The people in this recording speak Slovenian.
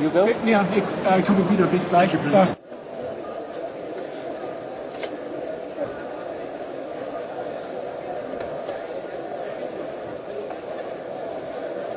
You go? Yeah, ja, äh, ich komme wieder bis gleich. Bis